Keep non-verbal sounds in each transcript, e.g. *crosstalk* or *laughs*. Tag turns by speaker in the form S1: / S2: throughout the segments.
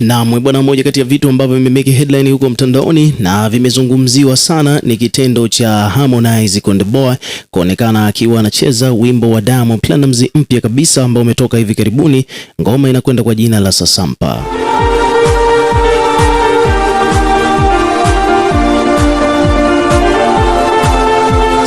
S1: Na bwana, mmoja kati ya vitu ambavyo vimemeki headline huko mtandaoni na vimezungumziwa sana ni kitendo cha Harmonize Konde Boy kuonekana akiwa anacheza wimbo wa Diamond Platnumz mpya kabisa ambao umetoka hivi karibuni. Ngoma inakwenda kwa jina la Sasampa.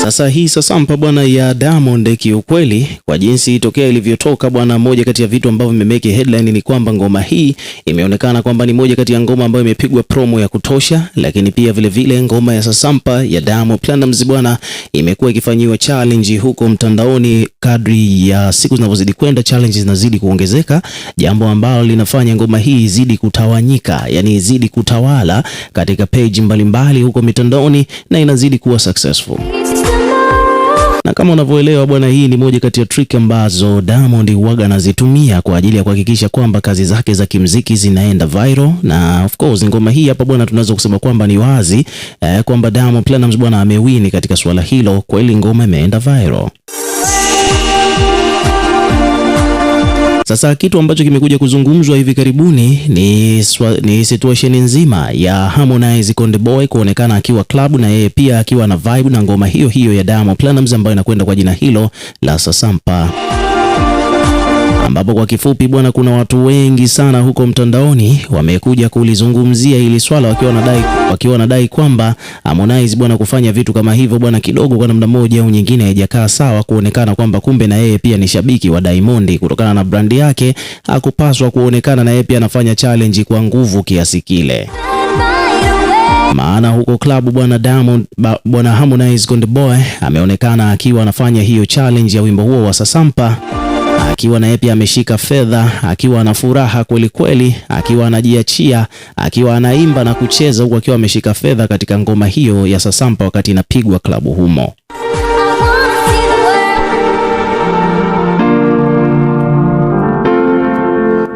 S1: Sasa hii sasampa bwana ya Diamond kiukweli, kwa jinsi tokea ilivyotoka bwana, moja kati ya vitu ambavyo vimemeke headline ni kwamba ngoma hii imeonekana kwamba ni moja kati ya ngoma ambayo imepigwa promo ya kutosha, lakini pia vile vile ngoma ya sasampa ya Diamond Platnumz bwana imekuwa ikifanyiwa challenge huko mtandaoni. Kadri ya siku zinavyozidi kwenda, challenge zinazidi kuongezeka, jambo ambalo linafanya ngoma hii izidi kutawanyika, yani izidi kutawala katika page mbalimbali mbali huko mitandaoni na inazidi kuwa successful. Na kama unavyoelewa bwana, hii ni moja kati ya trick ambazo Diamond huaga anazitumia kwa ajili ya kuhakikisha kwamba kazi zake za kimziki zinaenda viral, na of course ngoma hii hapa bwana, tunaweza kusema kwamba ni wazi eh, kwamba Diamond Platnumz bwana amewini katika suala hilo, kweli ngoma imeenda viral. Sasa kitu ambacho kimekuja kuzungumzwa hivi karibuni ni, swa, ni situation nzima ya Harmonize Konde Boy kuonekana akiwa club na yeye pia akiwa na vibe na ngoma hiyo hiyo ya Diamond Platnumz ambayo inakwenda kwa jina hilo la Sasampa ambapo kwa kifupi bwana, kuna watu wengi sana huko mtandaoni wamekuja kulizungumzia hili swala, wakiwa wanadai wakiwa wanadai kwamba Harmonize bwana kufanya vitu kama hivyo bwana, kidogo kwa namna moja au nyingine haijakaa sawa, kuonekana kwamba kumbe na yeye pia ni shabiki wa Diamond kutokana na brandi yake, hakupaswa kuonekana na yeye pia anafanya challenge kwa nguvu kiasi kile maana huko klabu bwana Diamond bwana Harmonize Gold Boy ameonekana akiwa anafanya hiyo challenge ya wimbo huo wa Sasampa akiwa naye pia ameshika fedha, akiwa ana furaha kweli kweli, akiwa anajiachia, akiwa anaimba na kucheza huku akiwa ameshika fedha katika ngoma hiyo ya Sasampa wakati inapigwa klabu humo.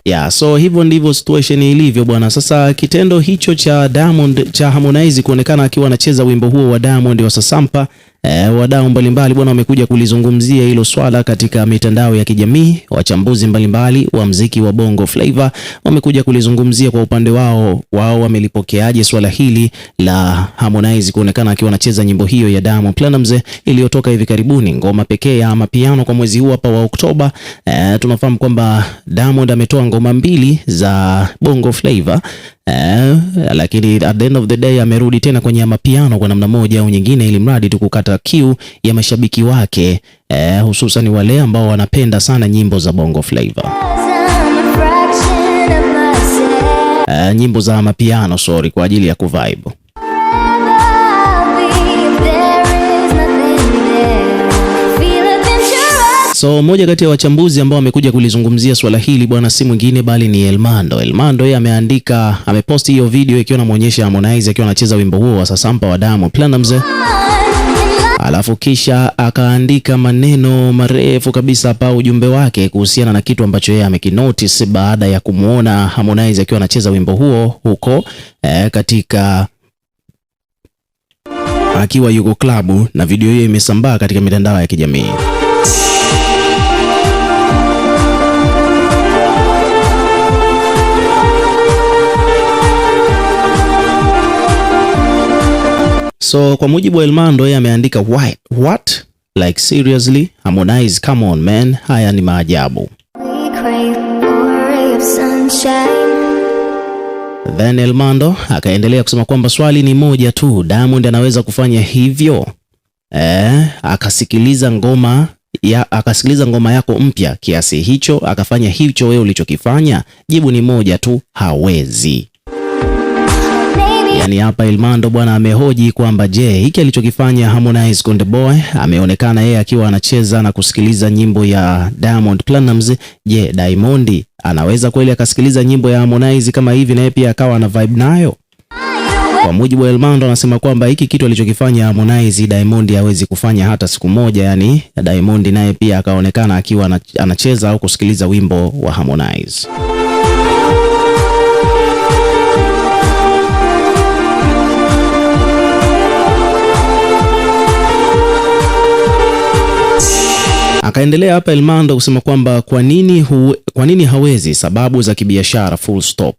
S1: Yeah, so hivyo ndivyo situation ilivyo bwana. Sasa kitendo hicho cha Diamond cha Harmonize kuonekana akiwa anacheza wimbo huo wa Diamond wa Sasampa E, wadau mbalimbali bwana wamekuja kulizungumzia hilo swala katika mitandao ya kijamii. Wachambuzi mbalimbali wa mziki wa Bongo Flava wamekuja kulizungumzia kwa upande wao, wao wamelipokeaje swala hili la Harmonize kuonekana akiwa anacheza nyimbo hiyo ya Diamond Platnumz iliyotoka hivi karibuni, ngoma pekee ya mapiano kwa mwezi huu hapa wa Oktoba. E, tunafahamu kwamba Diamond ametoa ngoma mbili za Bongo Flava Eh, lakini at the end of the day amerudi tena kwenye mapiano kwa namna moja au nyingine, ili mradi tu kukata kiu ya mashabiki wake eh, hususan wale ambao wanapenda sana nyimbo za Bongo Flava eh, nyimbo za mapiano sorry, kwa ajili ya kuvibe. So mmoja kati ya wachambuzi ambao amekuja kulizungumzia swala hili bwana, si mwingine bali ni Elmando. Elmando yeye ameandika, ameposti hiyo video ikiwa inamuonyesha Harmonize akiwa anacheza wimbo huo wa Sasampa wa Diamond Platnumz, alafu kisha akaandika maneno marefu kabisa pa ujumbe wake kuhusiana na kitu ambacho yeye amekinotice baada ya kumwona Harmonize akiwa anacheza wimbo huo huko eh, katika akiwa yuko klabu, na video hiyo imesambaa katika mitandao ya kijamii. So kwa mujibu wa Elmando, yeye ameandika what like seriously Harmonize, come on man, haya ni maajabu. Then Elmando akaendelea kusema kwamba swali ni moja tu, Diamond anaweza kufanya hivyo eh? Akasikiliza ngoma ya, akasikiliza ngoma yako mpya kiasi hicho akafanya hicho wewe ulichokifanya? Jibu ni moja tu, hawezi. Yani hapa Ilmando bwana amehoji kwamba je, hiki alichokifanya Harmonize Konde Boy ameonekana yeye akiwa anacheza na kusikiliza nyimbo ya Diamond Platnumz. Je, Diamond anaweza kweli akasikiliza nyimbo ya Harmonize kama hivi na yeye pia akawa ana vibe nayo? Kwa mujibu wa Elmando anasema kwamba hiki kitu alichokifanya Harmonize Diamond hawezi kufanya hata siku moja. Yani Diamond naye pia akaonekana akiwa anacheza au kusikiliza wimbo wa Harmonize. Akaendelea hapa Elmando kusema kwamba kwa nini, kwa nini hawezi, sababu za kibiashara full stop.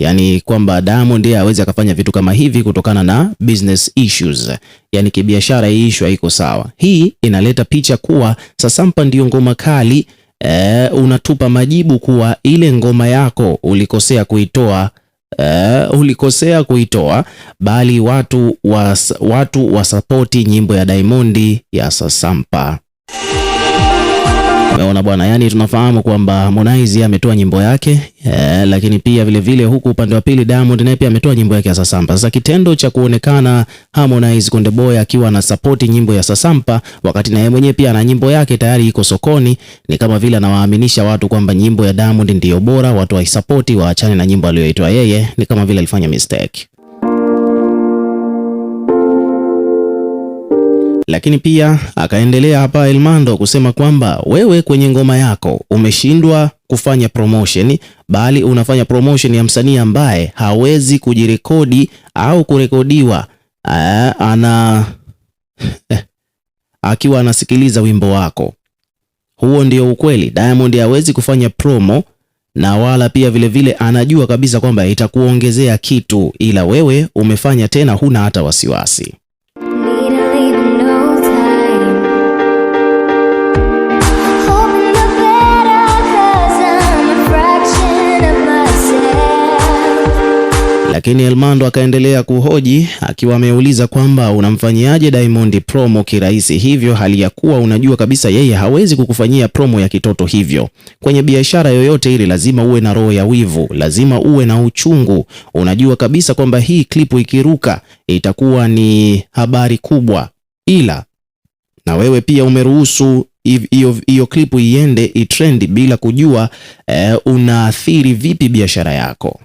S1: Yaani kwamba Diamond ndiye hawezi akafanya vitu kama hivi kutokana na business issues, yaani kibiashara hii issue haiko sawa. Hii inaleta picha kuwa Sasampa ndiyo ngoma kali e, unatupa majibu kuwa ile ngoma yako ulikosea kuitoa Uh, ulikosea kuitoa bali watu wasapoti watu nyimbo ya Diamond ya Sasampa. Umeona bwana, yani tunafahamu kwamba Harmonize ametoa nyimbo yake e, lakini pia vile vile huku upande wa pili Diamond naye pia ametoa nyimbo yake ya Sasampa. Sasa kitendo cha kuonekana Harmonize Konde Boy akiwa na support nyimbo ya Sasampa wakati na yeye mwenyewe pia ana nyimbo yake tayari iko sokoni, ni kama vile anawaaminisha watu kwamba nyimbo ya Diamond ndiyo bora, watu waisapoti, waachane na nyimbo aliyoitoa yeye, ni kama vile alifanya mistake. Lakini pia akaendelea hapa Elmando kusema kwamba wewe kwenye ngoma yako umeshindwa kufanya promotion, bali unafanya promotion ya msanii ambaye hawezi kujirekodi au kurekodiwa aa, ana *laughs* akiwa anasikiliza wimbo wako. Huo ndio ukweli. Diamond hawezi kufanya promo na wala pia vilevile vile anajua kabisa kwamba itakuongezea kitu, ila wewe umefanya tena, huna hata wasiwasi. Lakini Elmando akaendelea kuhoji akiwa ameuliza kwamba unamfanyiaje Diamond promo kirahisi hivyo, hali ya kuwa unajua kabisa yeye hawezi kukufanyia promo ya kitoto hivyo. Kwenye biashara yoyote ile lazima uwe na roho ya wivu, lazima uwe na uchungu. Unajua kabisa kwamba hii klipu ikiruka itakuwa ni habari kubwa, ila na wewe pia umeruhusu hiyo klipu iende itrendi bila kujua eh, unaathiri vipi biashara yako.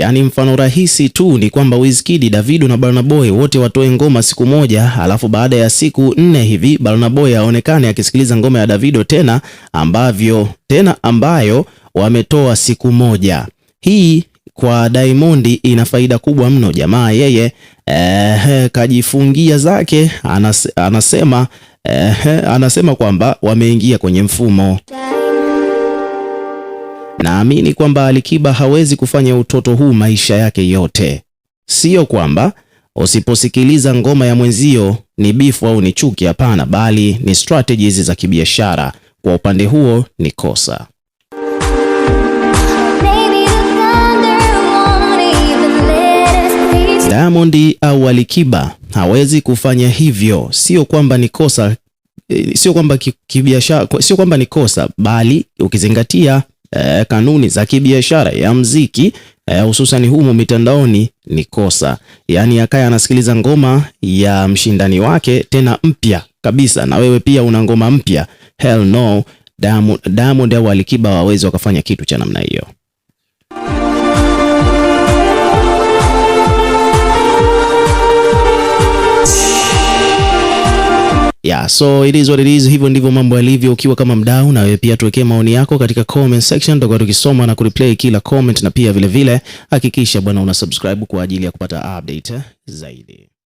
S1: Yaani mfano rahisi tu ni kwamba Wizkid, Davido na Burna Boy wote watoe ngoma siku moja, alafu baada ya siku nne hivi Burna Boy aonekane akisikiliza ngoma ya Davido tena ambavyo tena ambayo wametoa siku moja. Hii kwa Diamond ina faida kubwa mno jamaa, yeye eh, kajifungia zake anas, anasema eh, anasema kwamba wameingia kwenye mfumo. Naamini kwamba Alikiba hawezi kufanya utoto huu maisha yake yote. sio kwamba usiposikiliza ngoma ya mwenzio ni bifu au ni chuki, hapana, bali ni strategies za kibiashara. Kwa upande huo ni kosa. Diamond au Alikiba hawezi kufanya hivyo. Sio kwamba ni kosa, eh, sio kwamba kibiashara, sio kwamba ni kosa, bali ukizingatia eh, kanuni za kibiashara ya mziki hususan eh, humo mitandaoni ni kosa. Yaani akaya anasikiliza ngoma ya mshindani wake tena mpya kabisa, na wewe pia una ngoma mpya. Hell no, Diamond au Alikiba wawezi wakafanya kitu cha namna hiyo. yeah, so it is what it is. Hivyo ndivyo mambo yalivyo. Ukiwa kama mdau, na wewe pia tuwekee maoni yako katika comment section, tutakuwa tukisoma na kureplay kila comment, na pia vilevile hakikisha bwana una subscribe kwa ajili ya kupata update zaidi.